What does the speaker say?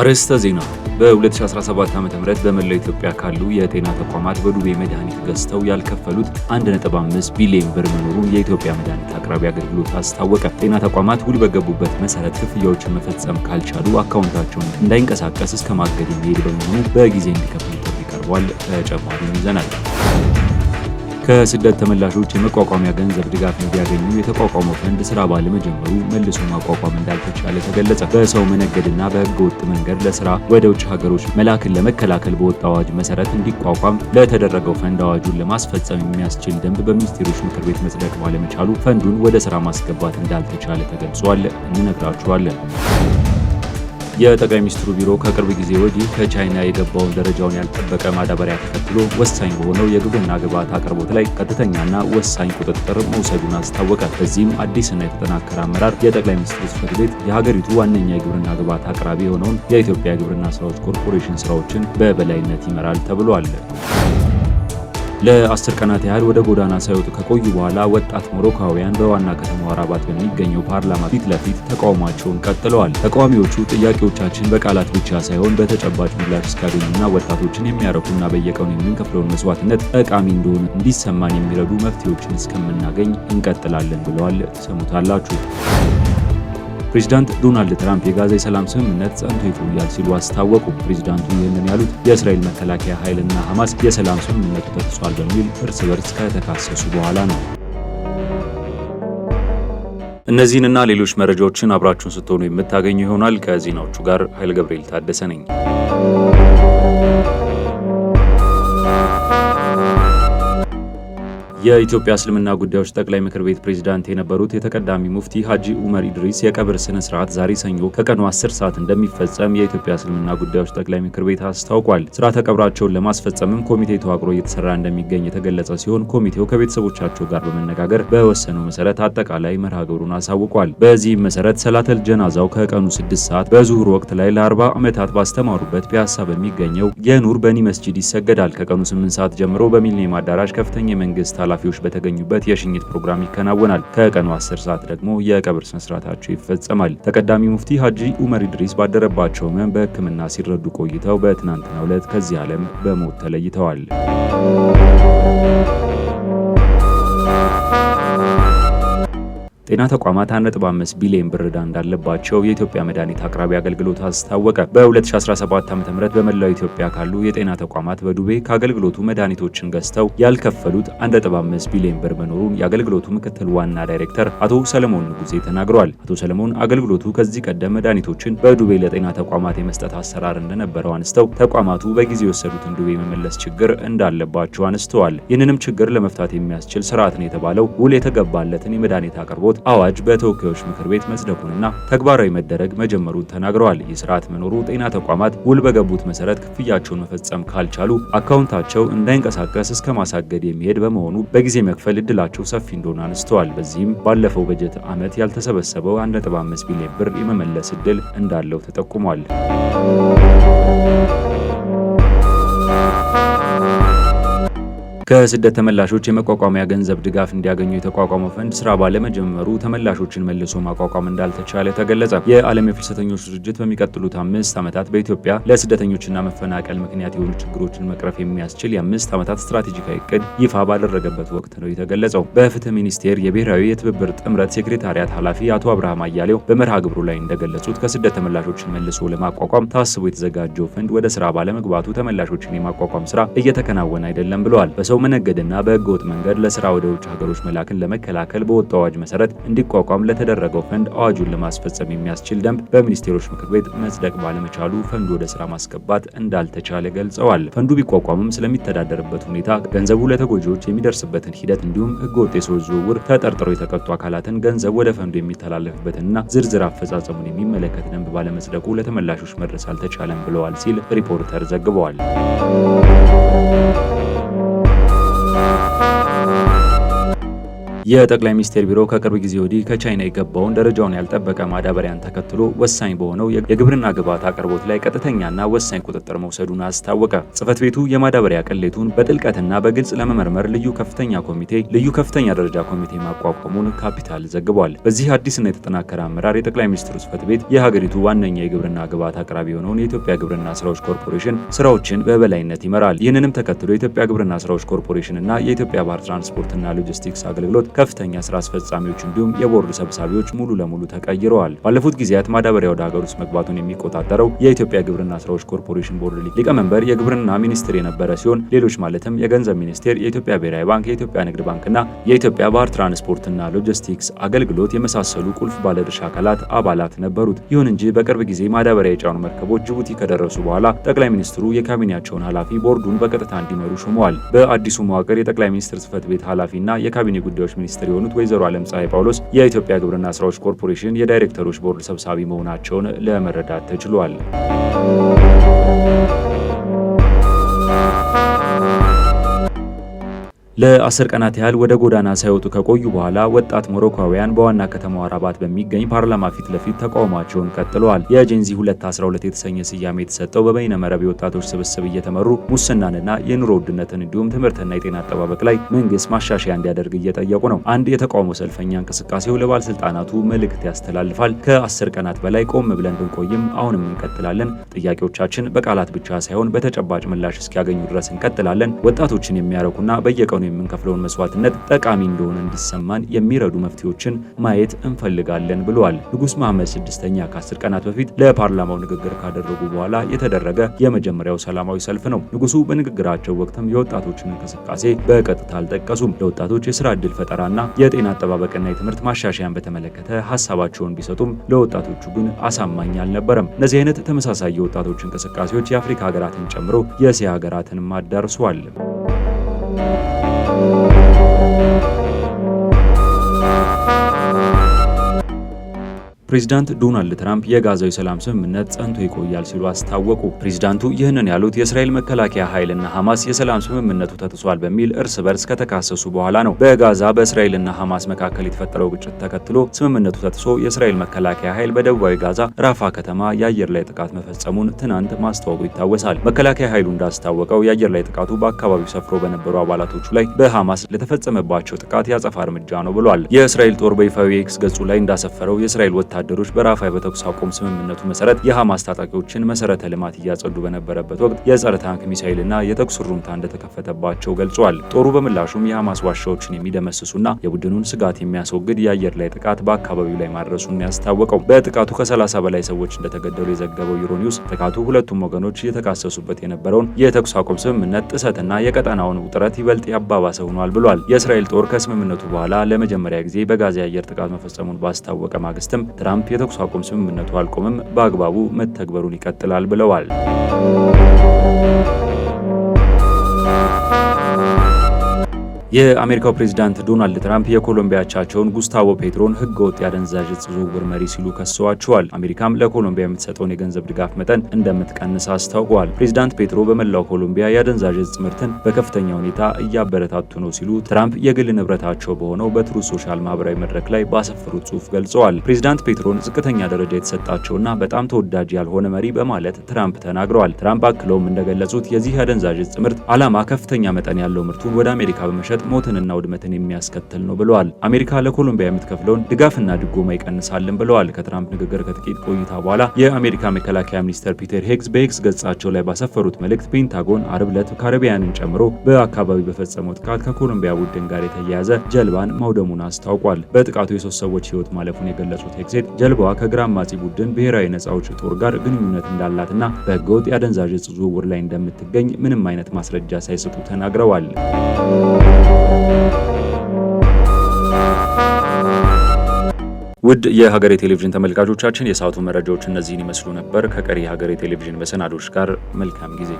አርዕስተ ዜና በ2017 ዓ.ም በመላው ኢትዮጵያ ካሉ የጤና ተቋማት በዱቤ መድኃኒት ገዝተው ያልከፈሉት 1.5 ቢሊዮን ብር መኖሩን የኢትዮጵያ መድኃኒት አቅራቢ አገልግሎት አስታወቀ። ጤና ተቋማት ውል በገቡበት መሰረት ክፍያዎችን መፈጸም ካልቻሉ አካውንታቸውን እንዳይንቀሳቀስ እስከ ማገድ የሚሄድ በመሆኑ በጊዜ እንዲከፍሉ ጥሪ ቀርቧል። ተጨማሪም ይዘናል። ከስደት ተመላሾች የመቋቋሚያ ገንዘብ ድጋፍ እንዲያገኙ የተቋቋመው ፈንድ ስራ ባለመጀመሩ መልሶ ማቋቋም እንዳልተቻለ ተገለጸ። በሰው መነገድና በህገወጥ መንገድ ለስራ ወደ ውጭ ሀገሮች መላክን ለመከላከል በወጣ አዋጅ መሰረት እንዲቋቋም ለተደረገው ፈንድ አዋጁን ለማስፈጸም የሚያስችል ደንብ በሚኒስቴሮች ምክር ቤት መጽደቅ ባለመቻሉ ፈንዱን ወደ ስራ ማስገባት እንዳልተቻለ ተገልጿል። እንነግራችኋለን። የጠቅላይ ሚኒስትሩ ቢሮ ከቅርብ ጊዜ ወዲህ ከቻይና የገባውን ደረጃውን ያልጠበቀ ማዳበሪያ ተከትሎ ወሳኝ በሆነው የግብርና ግብዓት አቅርቦት ላይ ቀጥተኛና ወሳኝ ቁጥጥር መውሰዱን አስታወቀ። በዚህም አዲስና የተጠናከረ አመራር የጠቅላይ ሚኒስትሩ ጽሕፈት ቤት የሀገሪቱ ዋነኛ የግብርና ግብዓት አቅራቢ የሆነውን የኢትዮጵያ የግብርና ስራዎች ኮርፖሬሽን ስራዎችን በበላይነት ይመራል ተብሏል። ለአስር ቀናት ያህል ወደ ጎዳና ሳይወጡ ከቆዩ በኋላ ወጣት ሞሮካውያን በዋና ከተማዋ ራባት በሚገኘው ፓርላማ ፊት ለፊት ተቃውሟቸውን ቀጥለዋል። ተቃዋሚዎቹ ጥያቄዎቻችን በቃላት ብቻ ሳይሆን በተጨባጭ ምላሽ እስካገኙና ወጣቶችን የሚያረኩና በየቀኑ የምንከፍለውን መስዋዕትነት ጠቃሚ እንደሆነ እንዲሰማን የሚረዱ መፍትሄዎችን እስከምናገኝ እንቀጥላለን ብለዋል። ትሰሙታላችሁ ፕሬዚዳንት ዶናልድ ትራምፕ የጋዛ የሰላም ስምምነት ጸንቶ ይቆያል ሲሉ አስታወቁ። ፕሬዚዳንቱ ይህንን ያሉት የእስራኤል መከላከያ ኃይልና ሐማስ የሰላም ስምምነቱ ተጥሷል በሚል እርስ በርስ ከተካሰሱ በኋላ ነው። እነዚህንና ሌሎች መረጃዎችን አብራችሁን ስትሆኑ የምታገኙ ይሆናል። ከዜናዎቹ ጋር ኃይለ ገብርኤል ታደሰ ነኝ። የኢትዮጵያ እስልምና ጉዳዮች ጠቅላይ ምክር ቤት ፕሬዝዳንት የነበሩት የተቀዳሚ ሙፍቲ ሀጂ ኡመር ኢድሪስ የቀብር ስነ ስርዓት ዛሬ ሰኞ ከቀኑ 10 ሰዓት እንደሚፈጸም የኢትዮጵያ እስልምና ጉዳዮች ጠቅላይ ምክር ቤት አስታውቋል። ስርዓተ ቀብራቸውን ለማስፈጸምም ኮሚቴ ተዋቅሮ እየተሰራ እንደሚገኝ የተገለጸ ሲሆን ኮሚቴው ከቤተሰቦቻቸው ጋር በመነጋገር በወሰነው መሰረት አጠቃላይ መርሃ ግብሩን አሳውቋል። በዚህም መሰረት ሰላተል ጀናዛው ከቀኑ 6 ሰዓት በዙሁር ወቅት ላይ ለ40 ዓመታት ባስተማሩበት ፒያሳ በሚገኘው የኑር በኒ መስጂድ ይሰገዳል። ከቀኑ 8 ሰዓት ጀምሮ በሚሊኒየም አዳራሽ ከፍተኛ የመንግስት ኃላ ኃላፊዎች በተገኙበት የሽኝት ፕሮግራም ይከናወናል። ከቀኑ 10 ሰዓት ደግሞ የቀብር ስነስርዓታቸው ይፈጸማል። ተቀዳሚ ሙፍቲ ሀጂ ኡመር ኢድሪስ ባደረባቸው ህመም በህክምና ሲረዱ ቆይተው በትናንትናው ዕለት ከዚህ ዓለም በሞት ተለይተዋል። ጤና ተቋማት 1.5 ቢሊዮን ብር ዕዳ እንዳለባቸው የኢትዮጵያ መድኃኒት አቅራቢ አገልግሎት አስታወቀ። በ2017 ዓ.ም በመላው ኢትዮጵያ ካሉ የጤና ተቋማት በዱቤ ከአገልግሎቱ መድኃኒቶችን ገዝተው ያልከፈሉት 1.5 ቢሊዮን ብር መኖሩን የአገልግሎቱ ምክትል ዋና ዳይሬክተር አቶ ሰለሞን ንጉሴ ተናግረዋል። አቶ ሰለሞን አገልግሎቱ ከዚህ ቀደም መድኃኒቶችን በዱቤ ለጤና ተቋማት የመስጠት አሰራር እንደነበረው አንስተው ተቋማቱ በጊዜ የወሰዱትን ዱቤ የመመለስ ችግር እንዳለባቸው አነስተዋል። ይህንንም ችግር ለመፍታት የሚያስችል ስርዓት ነው የተባለው ውል የተገባለትን የመድኃኒት አቅርቦት አቅርቦት አዋጅ በተወካዮች ምክር ቤት መጽደቁንና ተግባራዊ መደረግ መጀመሩን ተናግረዋል። ይህ ስርዓት መኖሩ ጤና ተቋማት ውል በገቡት መሰረት ክፍያቸውን መፈጸም ካልቻሉ አካውንታቸው እንዳይንቀሳቀስ እስከ ማሳገድ የሚሄድ በመሆኑ በጊዜ መክፈል እድላቸው ሰፊ እንደሆነ አንስተዋል። በዚህም ባለፈው በጀት ዓመት ያልተሰበሰበው 1.5 ቢሊዮን ብር የመመለስ እድል እንዳለው ተጠቁሟል። ከስደት ተመላሾች የመቋቋሚያ ገንዘብ ድጋፍ እንዲያገኙ የተቋቋመው ፈንድ ስራ ባለመጀመሩ ተመላሾችን መልሶ ማቋቋም እንዳልተቻለ ተገለጸ። የዓለም የፍልሰተኞች ድርጅት በሚቀጥሉት አምስት ዓመታት በኢትዮጵያ ለስደተኞችና መፈናቀል ምክንያት የሆኑ ችግሮችን መቅረፍ የሚያስችል የአምስት ዓመታት ስትራቴጂካዊ እቅድ ይፋ ባደረገበት ወቅት ነው የተገለጸው። በፍትህ ሚኒስቴር የብሔራዊ የትብብር ጥምረት ሴክሬታሪያት ኃላፊ አቶ አብርሃም አያሌው በመርሃ ግብሩ ላይ እንደገለጹት ከስደት ተመላሾችን መልሶ ለማቋቋም ታስቦ የተዘጋጀው ፈንድ ወደ ስራ ባለመግባቱ ተመላሾችን የማቋቋም ስራ እየተከናወነ አይደለም ብለዋል። ሰው መነገድና በህገወጥ መንገድ ለስራ ወደ ውጭ ሀገሮች መላክን ለመከላከል በወጣው አዋጅ መሰረት እንዲቋቋም ለተደረገው ፈንድ አዋጁን ለማስፈጸም የሚያስችል ደንብ በሚኒስቴሮች ምክር ቤት መጽደቅ ባለመቻሉ ፈንዱ ወደ ስራ ማስገባት እንዳልተቻለ ገልጸዋል። ፈንዱ ቢቋቋምም ስለሚተዳደርበት ሁኔታ፣ ገንዘቡ ለተጎጂዎች የሚደርስበትን ሂደት እንዲሁም ህገወጥ የሰዎች ዝውውር ተጠርጥሮ የተቀጡ አካላትን ገንዘብ ወደ ፈንዱ የሚተላለፍበትንና ዝርዝር አፈጻጸሙን የሚመለከት ደንብ ባለመጽደቁ ለተመላሾች መድረስ አልተቻለም ብለዋል ሲል ሪፖርተር ዘግበዋል። የጠቅላይ ሚኒስቴር ቢሮ ከቅርብ ጊዜ ወዲህ ከቻይና የገባውን ደረጃውን ያልጠበቀ ማዳበሪያን ተከትሎ ወሳኝ በሆነው የግብርና ግብዓት አቅርቦት ላይ ቀጥተኛና ወሳኝ ቁጥጥር መውሰዱን አስታወቀ። ጽህፈት ቤቱ የማዳበሪያ ቅሌቱን በጥልቀትና በግልጽ ለመመርመር ልዩ ከፍተኛ ኮሚቴ ልዩ ከፍተኛ ደረጃ ኮሚቴ ማቋቋሙን ካፒታል ዘግቧል። በዚህ አዲስና የተጠናከረ አመራር የጠቅላይ ሚኒስትሩ ጽህፈት ቤት የሀገሪቱ ዋነኛ የግብርና ግብዓት አቅራቢ የሆነውን የኢትዮጵያ ግብርና ስራዎች ኮርፖሬሽን ስራዎችን በበላይነት ይመራል። ይህንንም ተከትሎ የኢትዮጵያ ግብርና ስራዎች ኮርፖሬሽን እና የኢትዮጵያ ባህር ትራንስፖርትና ሎጂስቲክስ አገልግሎት ከፍተኛ ስራ አስፈጻሚዎች እንዲሁም የቦርድ ሰብሳቢዎች ሙሉ ለሙሉ ተቀይረዋል። ባለፉት ጊዜያት ማዳበሪያ ወደ ሀገር ውስጥ መግባቱን የሚቆጣጠረው የኢትዮጵያ ግብርና ስራዎች ኮርፖሬሽን ቦርድ ሊቀመንበር የግብርና ሚኒስትር የነበረ ሲሆን ሌሎች ማለትም የገንዘብ ሚኒስቴር፣ የኢትዮጵያ ብሔራዊ ባንክ፣ የኢትዮጵያ ንግድ ባንክና የኢትዮጵያ ባህር ትራንስፖርትና ሎጂስቲክስ አገልግሎት የመሳሰሉ ቁልፍ ባለድርሻ አካላት አባላት ነበሩት። ይሁን እንጂ በቅርብ ጊዜ ማዳበሪያ የጫኑ መርከቦች ጅቡቲ ከደረሱ በኋላ ጠቅላይ ሚኒስትሩ የካቢኔያቸውን ኃላፊ ቦርዱን በቀጥታ እንዲመሩ ሾመዋል። በአዲሱ መዋቅር የጠቅላይ ሚኒስትር ጽህፈት ቤት ኃላፊና የካቢኔ ጉዳዮች ሚኒስትር የሆኑት ወይዘሮ ዓለም ፀሐይ ጳውሎስ የኢትዮጵያ ግብርና ስራዎች ኮርፖሬሽን የዳይሬክተሮች ቦርድ ሰብሳቢ መሆናቸውን ለመረዳት ተችሏል። ለአስር ቀናት ያህል ወደ ጎዳና ሳይወጡ ከቆዩ በኋላ ወጣት ሞሮኳውያን በዋና ከተማዋ ራባት በሚገኝ ፓርላማ ፊት ለፊት ተቃውሟቸውን ቀጥለዋል። የጄንዚ 212 የተሰኘ ስያሜ የተሰጠው በበይነ መረብ የወጣቶች ስብስብ እየተመሩ ሙስናንና የኑሮ ውድነትን እንዲሁም ትምህርትና የጤና አጠባበቅ ላይ መንግስት ማሻሻያ እንዲያደርግ እየጠየቁ ነው። አንድ የተቃውሞ ሰልፈኛ እንቅስቃሴው ለባለስልጣናቱ መልእክት ያስተላልፋል። ከአስር ቀናት በላይ ቆም ብለን ብንቆይም አሁንም እንቀጥላለን። ጥያቄዎቻችን በቃላት ብቻ ሳይሆን በተጨባጭ ምላሽ እስኪያገኙ ድረስ እንቀጥላለን። ወጣቶችን የሚያረኩና በየቀኑ ለሰላም የምንከፍለውን መስዋዕትነት ጠቃሚ እንደሆነ እንዲሰማን የሚረዱ መፍትሄዎችን ማየት እንፈልጋለን ብለዋል። ንጉስ መሐመድ ስድስተኛ ከአስር ቀናት በፊት ለፓርላማው ንግግር ካደረጉ በኋላ የተደረገ የመጀመሪያው ሰላማዊ ሰልፍ ነው። ንጉሱ በንግግራቸው ወቅትም የወጣቶችን እንቅስቃሴ በቀጥታ አልጠቀሱም። ለወጣቶች የስራ ዕድል ፈጠራና የጤና አጠባበቅና የትምህርት ማሻሻያን በተመለከተ ሀሳባቸውን ቢሰጡም ለወጣቶቹ ግን አሳማኝ አልነበረም። እነዚህ አይነት ተመሳሳይ የወጣቶች እንቅስቃሴዎች የአፍሪካ ሀገራትን ጨምሮ የእስያ ሀገራትን ማዳርሷል። ፕሬዚዳንት ዶናልድ ትራምፕ የጋዛው የሰላም ስምምነት ጸንቶ ይቆያል ሲሉ አስታወቁ። ፕሬዚዳንቱ ይህንን ያሉት የእስራኤል መከላከያ ኃይልና ሐማስ የሰላም ስምምነቱ ተጥሷል በሚል እርስ በርስ ከተካሰሱ በኋላ ነው። በጋዛ በእስራኤልና ሐማስ መካከል የተፈጠረው ግጭት ተከትሎ ስምምነቱ ተጥሶ የእስራኤል መከላከያ ኃይል በደቡባዊ ጋዛ ራፋ ከተማ የአየር ላይ ጥቃት መፈጸሙን ትናንት ማስታወቁ ይታወሳል። መከላከያ ኃይሉ እንዳስታወቀው የአየር ላይ ጥቃቱ በአካባቢው ሰፍሮ በነበሩ አባላቶቹ ላይ በሐማስ ለተፈጸመባቸው ጥቃት ያጸፋ እርምጃ ነው ብሏል። የእስራኤል ጦር በይፋዊ ኤክስ ገጹ ላይ እንዳሰፈረው የእስራኤል ወታ ወታደሮች በራፋይ በተኩስ አቁም ስምምነቱ መሰረት የሐማስ ታጣቂዎችን መሰረተ ልማት እያጸዱ በነበረበት ወቅት የጸረ ታንክ ሚሳይልና የተኩስ ሩምታ እንደተከፈተባቸው ገልጿል። ጦሩ በምላሹም የሐማስ ዋሻዎችን የሚደመስሱና የቡድኑን ስጋት የሚያስወግድ የአየር ላይ ጥቃት በአካባቢው ላይ ማድረሱን ያስታወቀው በጥቃቱ ከ30 በላይ ሰዎች እንደተገደሉ የዘገበው ዩሮኒውስ ጥቃቱ ሁለቱም ወገኖች የተካሰሱበት የነበረውን የተኩስ አቁም ስምምነት ጥሰትና የቀጠናውን ውጥረት ይበልጥ ያባባሰ ሆኗል ብሏል። የእስራኤል ጦር ከስምምነቱ በኋላ ለመጀመሪያ ጊዜ በጋዛ የአየር ጥቃት መፈጸሙን ባስታወቀ ማግስትም ትራምፕ የተኩስ አቁም ስምምነቱ አልቆምም፣ በአግባቡ መተግበሩን ይቀጥላል ብለዋል። የአሜሪካው ፕሬዚዳንት ዶናልድ ትራምፕ የኮሎምቢያ አቻቸውን ጉስታቮ ፔትሮን ህገወጥ የአደንዛዥ እጽ ዝውውር መሪ ሲሉ ከሰዋቸዋል። አሜሪካም ለኮሎምቢያ የምትሰጠውን የገንዘብ ድጋፍ መጠን እንደምትቀንስ አስታውቀዋል። ፕሬዚዳንት ፔትሮ በመላው ኮሎምቢያ የአደንዛዥ እጽ ምርትን በከፍተኛ ሁኔታ እያበረታቱ ነው ሲሉ ትራምፕ የግል ንብረታቸው በሆነው በትሩ ሶሻል ማህበራዊ መድረክ ላይ ባሰፈሩት ጽሑፍ ገልጸዋል። ፕሬዚዳንት ፔትሮን ዝቅተኛ ደረጃ የተሰጣቸውና በጣም ተወዳጅ ያልሆነ መሪ በማለት ትራምፕ ተናግረዋል። ትራምፕ አክለውም እንደገለጹት የዚህ የአደንዛዥ እጽ ምርት ዓላማ ከፍተኛ መጠን ያለው ምርቱን ወደ አሜሪካ በመሸጥ ሞትንና ውድመትን የሚያስከትል ነው ብለዋል። አሜሪካ ለኮሎምቢያ የምትከፍለውን ድጋፍና ድጎማ ይቀንሳልን ብለዋል። ከትራምፕ ንግግር ከጥቂት ቆይታ በኋላ የአሜሪካ መከላከያ ሚኒስትር ፒተር ሄግስ በኤክስ ገጻቸው ላይ ባሰፈሩት መልእክት ፔንታጎን አርብ ዕለት ካሪቢያንን ጨምሮ በአካባቢው በፈጸመው ጥቃት ከኮሎምቢያ ቡድን ጋር የተያያዘ ጀልባን ማውደሙን አስታውቋል። በጥቃቱ የሶስት ሰዎች ሕይወት ማለፉን የገለጹት ሄግሴት ጀልባዋ ከግራ አማጺ ቡድን ብሔራዊ ነጻ አውጪ ጦር ጋር ግንኙነት እንዳላትና በህገወጥ የአደንዛዥ እጽ ዝውውር ላይ እንደምትገኝ ምንም አይነት ማስረጃ ሳይሰጡ ተናግረዋል። ውድ የሀገሬ ቴሌቪዥን ተመልካቾቻችን የሰዓቱ መረጃዎች እነዚህን ይመስሉ ነበር። ከቀሪ የሀገሬ ቴሌቪዥን መሰናዶች ጋር መልካም ጊዜ